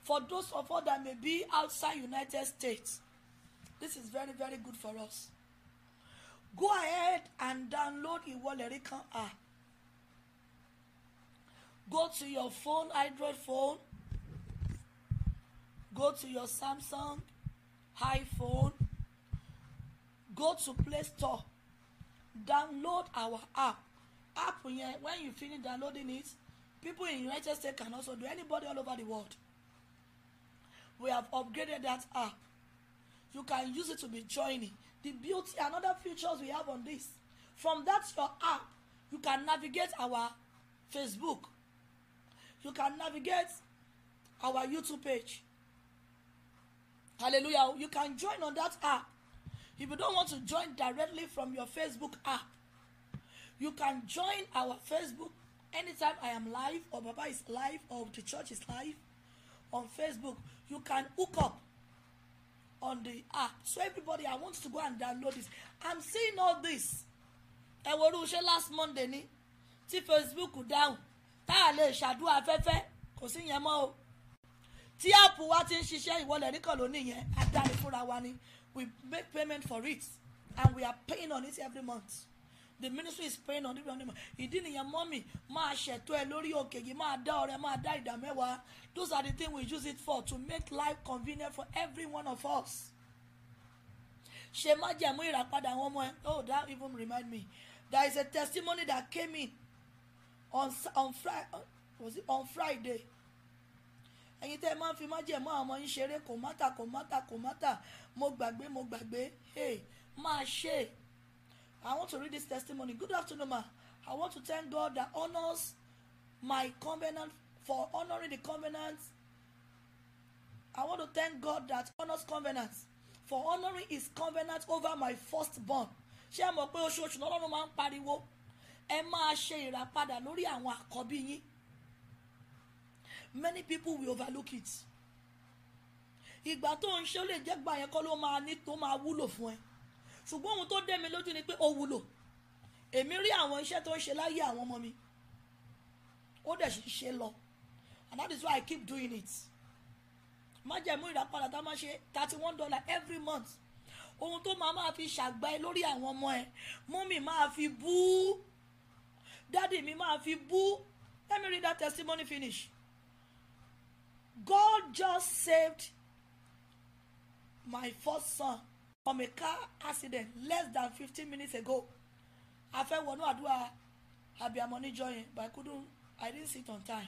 for those of us that may be outside United States, this is very, very good for us. Go ahead and download Iwolerikan app. Go to your phone, Android phone. Go to your Samsung iPhone. Go to Play Store. Download our app. App yẹn, when you finish downloading it, people in United States can also do anybody all over the world we have upgraded that app you can use it to be joining the beauty and other features we have on this from that your app you can navigate our facebook you can navigate our youtube page hallelujah you can join on that app if you don't want to join directly from your facebook app you can join our facebook anytime i am live or baba is live or the church is live on Facebook. You can hook up on the app. So everybody, I want to go and download this. I'm seeing all this. Ẹ wo irú last Monday ni tí Facebook dáhùn tá a lè ṣàdúrà afẹ́fẹ́ kò sí yẹn mọ́ o. Tí áàpù wa ti ń ṣiṣẹ́ ìwọlẹ̀ nìkan ló nìyẹn, adáni fúnra wa ni. We make payment for it and we are paying on it every month the ministry is paying hundred million naira ìdí nìyẹn mọ́mì máa ṣètò ẹ lórí òkè yìí máa dá ọrẹ máa dá ìdá mẹ́wàá those are the things we use it for to make life convenient for every one of us ṣe má jẹ̀mú ìràpadà àwọn ọmọ ẹ oh that even remind me there is a testimony that came in on on Friday was it on Friday ẹ̀yin tẹ́ ẹ máa ń fi má jẹ̀mú àwọn ọmọ yín ṣeré kò mátà kò mátà kò mátà mo gbàgbé mo gbàgbé hey máa ṣe é. I want to read this testimony. Good afternoon, ma. I want to thank God that honors my covenant for honoring the covenant. I want to thank God that honors covenant for honoring his covenant over my firstborn. Ṣé ẹ mọ̀ pé oṣooṣù lọ́lọ́run máa ń pariwo? Ẹ máa ṣe ìràpadà lórí àwọn àkọ́bí yín. Many people will overlook it. Ìgbà tó ń ṣe ó lè jẹ́ gbà yẹn kọ́ ló máa ní tó máa wúlò fún ẹ ṣùgbọ́n ohun tó dé mi lójú ni pé ó wúlò èmi rí àwọn iṣẹ́ tó ń ṣe láyé àwọn ọmọ mi ó dẹ̀ sì ṣe lọ and that is why I keep doing it májẹ̀mú ìdápadà tá a máa ṣe thirty one dollar every month ohun tó máa máa fi ṣàgbá ẹ lórí àwọn ọmọ ẹ mọ́mì máa fi bú dádì mi máa fi bú let me read that testimony finish God just saved my first son from a car accident less than fifteen minutes ago a fẹ́ wọnú àdúrà abiyamọ níjọ join, but I couldn't I didn't sit on time.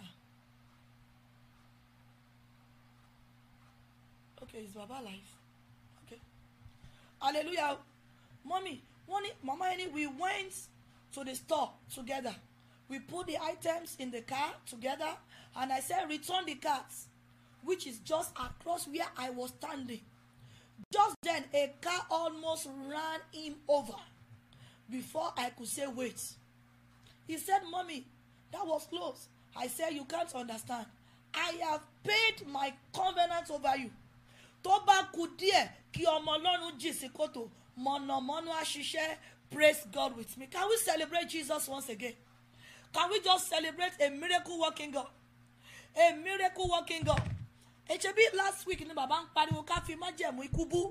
Ah. okay is baba alive okay hallelujah mommy one mama eni we went to the store together we put the items in the car together and I said return the cards which is just across where I was standing. Just then, a car almost ran him over before I could say, Wait. He said, Mommy, that was close. I said, You can't understand. I have paid my covenant over you. Tó bá kù díẹ̀ kí ọmọ Ọlọ́run jì sí kòtò, mọ̀nàmọ́ná á praise God with me. Can we celebrate Jesus once again? Can we just celebrate a miracle working God? A miracle working God ẹ̀ṣẹ̀ bí last week ni bàbá ń pariwo ká fi májẹ̀mú ikú bú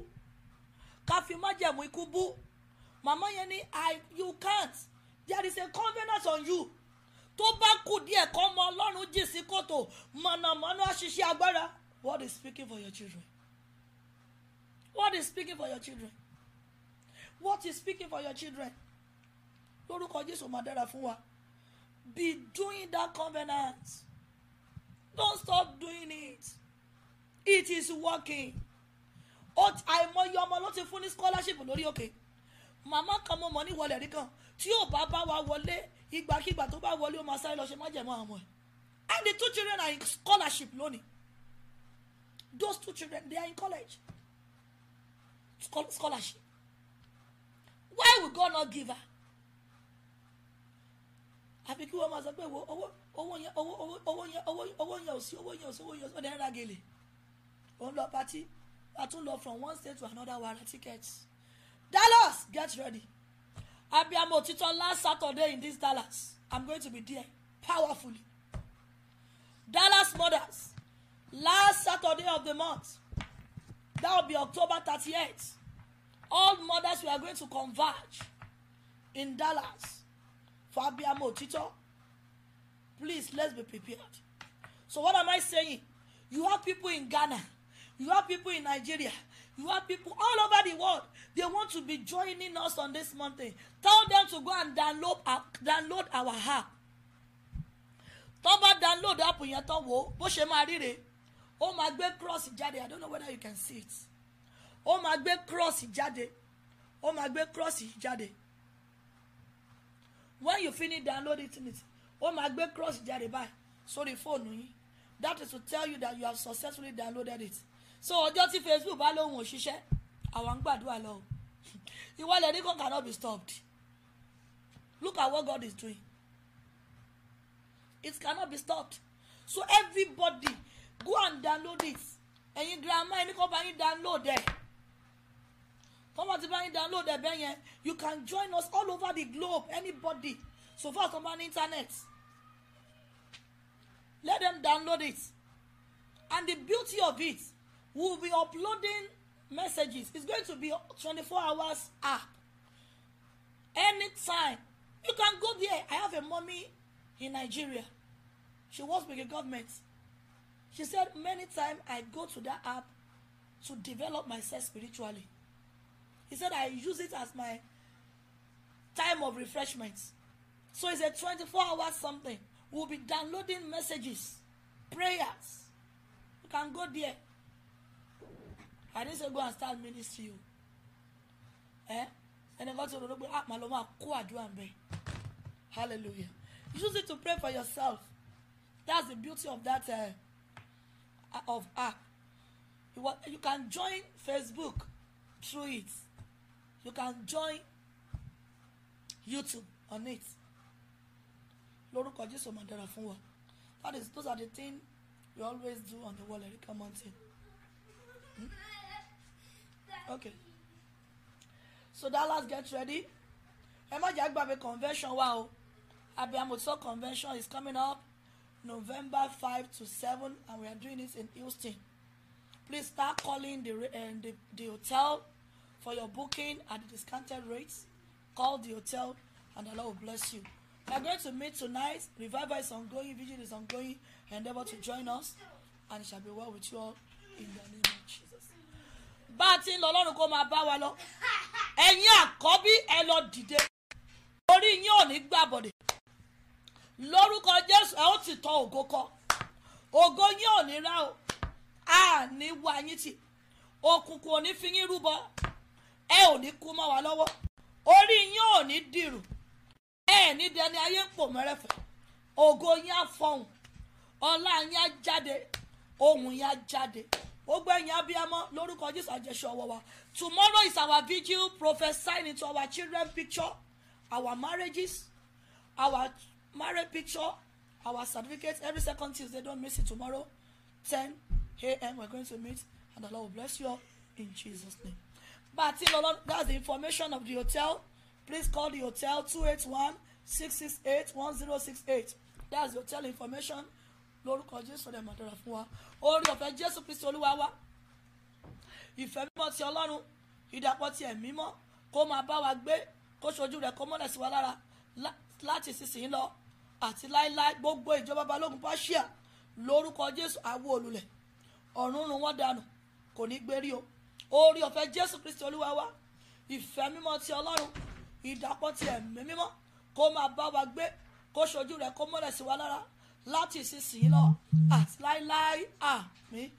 ká fi májẹ̀mú ikú bú màmá yẹn ni i you can't there is a covenant on you tó bá kù díẹ̀ kọ́ ọmọ ọlọ́run jì sí kòtò mọ̀nàmọ́ná ṣiṣẹ́ agbára what is speaking for your children what is speaking for your children what is speaking for your children lórúkọ jésù máa dára fún wa be doing that covenant don't stop doing it it is working àìmọye ọmọ ló ti fún ní scholarship lórí òkè màmá kan mo mọ̀ ní wọlé rí kan tí ò bá bá wa wọlé ìgbàkigbà tó bá wọlé ó máa sáré lọ ṣe májẹ̀mọ́ àwọn ọmọ ẹ̀ and the two children are in scholarship lónìí those two children they are in college scholarship why will God not give her àfi kí wọ́n máa sọ pé owó owó yẹn owó yẹn owó yẹn ò sí owó yẹn ò sí owó yẹn ò ó dẹ́rẹ́ rà gèlè òun lọ party a tún lọ from one state to another wàrà ticket Dallas get ready abiyamọ òtítọ́ last Saturday in this Dallas I'm going to be there powerfully Dallas mothers last Saturday of the month that will be October thirty-eighth all mothers we are going to converge in Dallas for abiyamọ òtítọ́ please let's be prepared so what am I saying you have people in Ghana You have people in Nigeria. You have people all over the world. They want to be joining us on this mountain. Tell them to go and download our, download our app. Tó bá download app yẹn tán wò ó bó ṣe máa ríre. Ó máa gbé cross jáde. I don't know whether you can see it. Ó máa gbé cross jáde. Ó máa gbé cross jáde. When you finish downloading it, ó máa gbé cross jáde báyìí sórí fóònù yín. That is to tell you that you have successfully downloaded it so ọjọ́ tí facebook bá lóhùn òṣìṣẹ́ àwa ń gbàdúrà lọ (laughs) ìwọlẹ̀ ní kan cannot be stopped look at what God is doing it cannot be stopped so everybody go and download it ẹ̀yin grandma ẹni kan bá yín download ẹ̀ tọ́wọ́ ti bá yín download ẹ̀ bẹ́ẹ̀ yẹn you can join us all over the globe anybody so far tó bá ní internet let them download it and the beauty of it will be uploading messages it's going to be 24 hours app anytime you can go there i have a mommy in nigeria she works with the government she said many times i go to that app to develop myself spiritually he said i use it as my time of refreshment so it's a 24 hour something we'll be downloading messages prayers you can go there I didn't say go and start ministry o ẹ ẹni kan tó lọ́dọ́ pé àpà ló máa kó àdúrà ń bẹ hallelujah you just need to pray for yourself that's the beauty of that uh, of app you, you can join Facebook through it you can join YouTube on it lórúkọ Jésù máa dára fún wa that is those are the things we always do on the wall Erica Mountain. Hmm? okay so that last get ready ẹ má jẹ́ àgbàgbé convention wa o abiyamotso convention is coming up November five to seven and we are doing it in Houston please start calling the, uh, the, the hotel for your booking at the discounted rates call the hotel and the Lord will bless you we are going to meet tonight revival is ongoing vigil is ongoing Endeavor to join us and it shall be well with you all in the name of bá a ti ń lọ ọlọ́run kó máa bá wa lọ ẹ̀yin àkọ́bí ẹ lọ dìde orí yín ò ní gbàbọ̀dẹ̀ lórúkọ jésù ẹ ó ti tọ ògo kọ ògo yín ò ní rá o a ní wá yín tì òkùnkùn ò ní fi yín rúbọ ẹ ò ní kú mọ́ wa lọ́wọ́ orí yín ò ní dìrù ẹ ní dẹni ayé ń pò mẹ́rẹ̀fẹ̀ ògo yín á fọhùn ọlá yín á jáde ohùn yín á jáde ogbó ẹ̀yìn abiyamọ lórúkọ jésù àjẹsọ ọwọ́ wa tomorrow is our vigil prophesying into our children picture our marriages our marriage picture our certificates every second tuesday don't miss it tomorrow ten a.m. we're going to meet and the lord will bless you all in jesus name but till that's the information of the hotel please call the hotel two eight one six six eight one zero six eight that's the hotel information lórúkọ jésù rẹ̀ màdàrà fún wa orí ọ̀fẹ́ jésù kristi olúwa wa ìfẹ́ mímọ́ ti ọlọ́run ìdàpọ̀ ti ẹ̀mí mọ́ kó máa bá wa gbé kó ṣojú rẹ̀ kó mọ́lẹ̀ sí wa lára láti sísìn lọ àti láéláé gbogbo ìjọba balógun pàṣíà lórúkọ jésù àwọ olùlẹ̀ ọ̀run run wọ́n dànù kò ní gbérí o orí ọ̀fẹ́ jésù kristi olúwa wa ìfẹ́ mímọ́ ti ọlọ́run ìdàpọ̀ ti ẹ̀mí mímọ́ kó máa bá wa gbé kó ṣojú rẹ̀ kó mọ́lẹ̀ sí wa lára láti ìsinsìnyí lọ àti láíláí àmín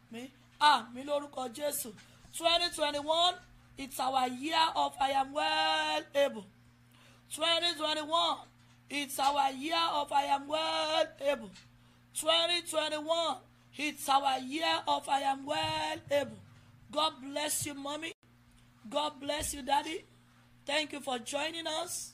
àmín àmín lórúkọ Jésù twenty twenty one it's our year of I am well able twenty twenty one it's our year of I am well able twenty twenty one it's our year of I am well able God bless you mommy God bless you daddy thank you for joining us.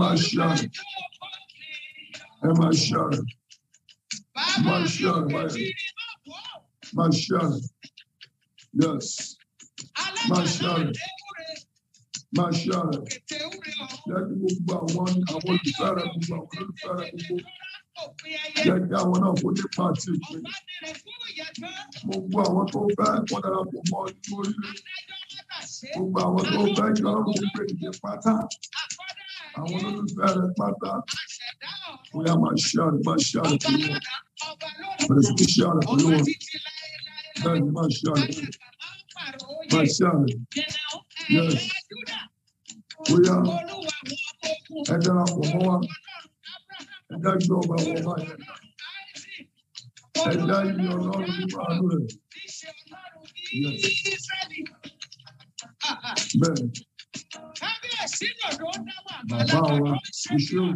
I Shad, Am I my Am my Shad, yes, my Shad, my Shad, that move by one, I want to start a move, I want to start move. Jẹ́jẹ́ àwọn náà kò ní pàtì pé gbogbo àwọn tó fẹ́ kọ́ darapọ̀ mọ́ orí I want to better, my We are my shout, my shout of Lord. But it's the shout Lord. That is my shout. My shout. Yes. We are. And then I'm more. And that's your my And your Lord my Lord. Yes. Amen bàbá wa iṣẹ́ o ọlọ́run àbí iṣẹ́ o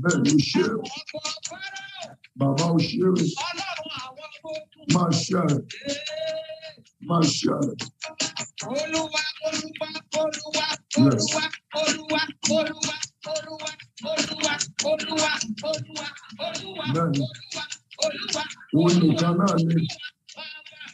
bẹ́ẹ̀ ni iṣẹ́ o bàbá o ṣe o máa ṣe àrẹ máa ṣe àrẹ. Olúwa olúwa olúwa olúwa olúwa olúwa olúwa olúwa olúwa olúwa olúwa olúwa olúwa olúwa. Olùkọ́ náà ni.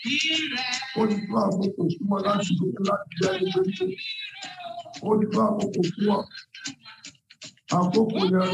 ó ti tó àkókò fún ọ láti lókè láti jẹ ẹgbẹ́ ó ti tó àkókò fún ọ àkókò yẹn.